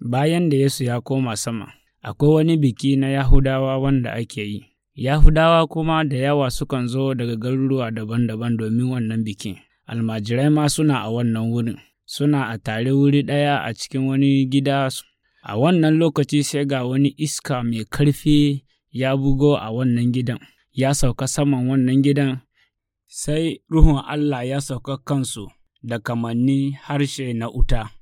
Bayan da Yesu ya koma sama, akwai wani biki na Yahudawa wanda ake yi. Yahudawa kuma da yawa sukan zo daga garuruwa daban-daban domin wannan bikin. Almajirai ma suna a wannan wurin, suna a tare wuri ɗaya a cikin wani gida. su. A wannan lokaci sai ga wani iska mai karfi ya bugo a wannan gidan, ya sauka saman wannan gidan, sai Ruhun Allah ya sauka kansu da kamanni harshe na uta.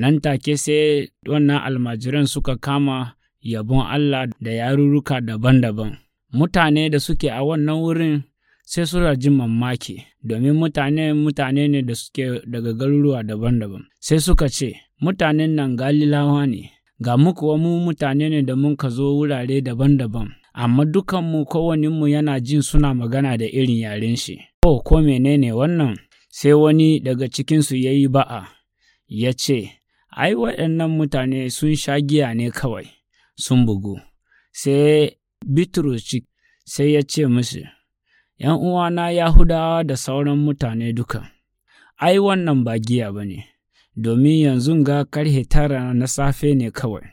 Nan take sai wannan almajiran suka kama yabon Allah da yarurruka daban-daban. Mutane da suke a wannan wurin sai suna jin mamaki, domin mutane mutane ne da suke daga garuruwa daban-daban. Sai suka ce, Mutanen nan galilawa ne, ga muku wa mu mutane ne da mun ka zo wurare daban-daban, amma dukanmu kowaninmu yana jin suna magana da irin yaren shi. Ko, ko menene wannan? Sai wani daga cikinsu ya yi ba'a, ya ce, ai waɗannan mutane sun sha giya ne kawai sun bugu sai bitrus sai ya ce musu ’yan uwana yahudawa da sauran mutane duka ai wannan ba giya ba ne domin yanzu ga karhe tara na safe ne kawai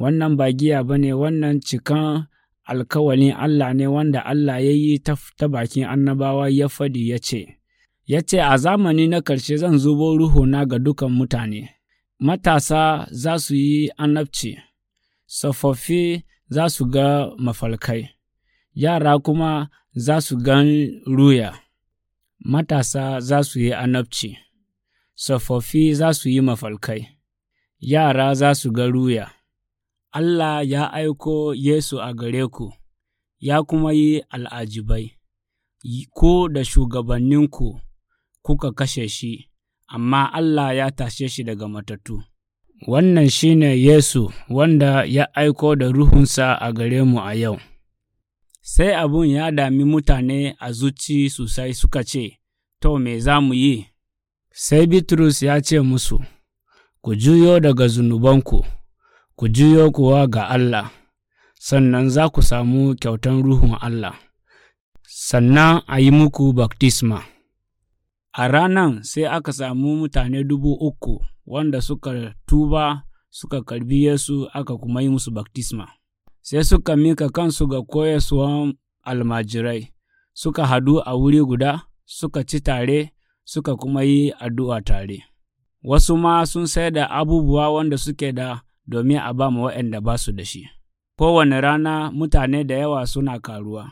wannan ba giya ba ne wannan cikan alkawalin Allah ne wanda Allah ya yi ta bakin annabawa ya fadi ya ce, Ya ce, A zamani na karshe zan zubo ruhuna ga dukan mutane, matasa za su yi annabci, tsofaffi za su ga mafalkai, yara kuma za su gan ruya. Matasa za su yi annabci, tsofaffi za su yi mafalkai, yara za su ga ruya. Allah ya aiko Yesu a gare ku, ya kuma yi al'ajibai, ku da shugabanninku kuka kashe shi. amma Allah ya tashe shi daga matattu. Wannan shi ne Yesu wanda ya aiko da Ruhunsa a gare mu a yau. Sai abun ya dami mutane a zuci sosai suka ce, To, me za mu yi? Sai Bitrus ya ce musu, Ku juyo daga zunubanku, ku juyo kuwa ga Allah, sannan za ku samu kyautan Ruhun Allah, sannan a yi muku baftisma. A ranan sai aka samu mutane dubu uku wanda suka tuba suka karbi Yesu aka kuma yi musu baftisma. Sai suka mika kansu ga koyaswan almajirai, suka hadu a wuri guda, suka ci tare, suka kuma yi addu'a tare. Wasu ma sun sai da abubuwa wanda suke da domin a ba ma waɗanda ba su da shi. Kowane rana mutane da yawa suna karuwa.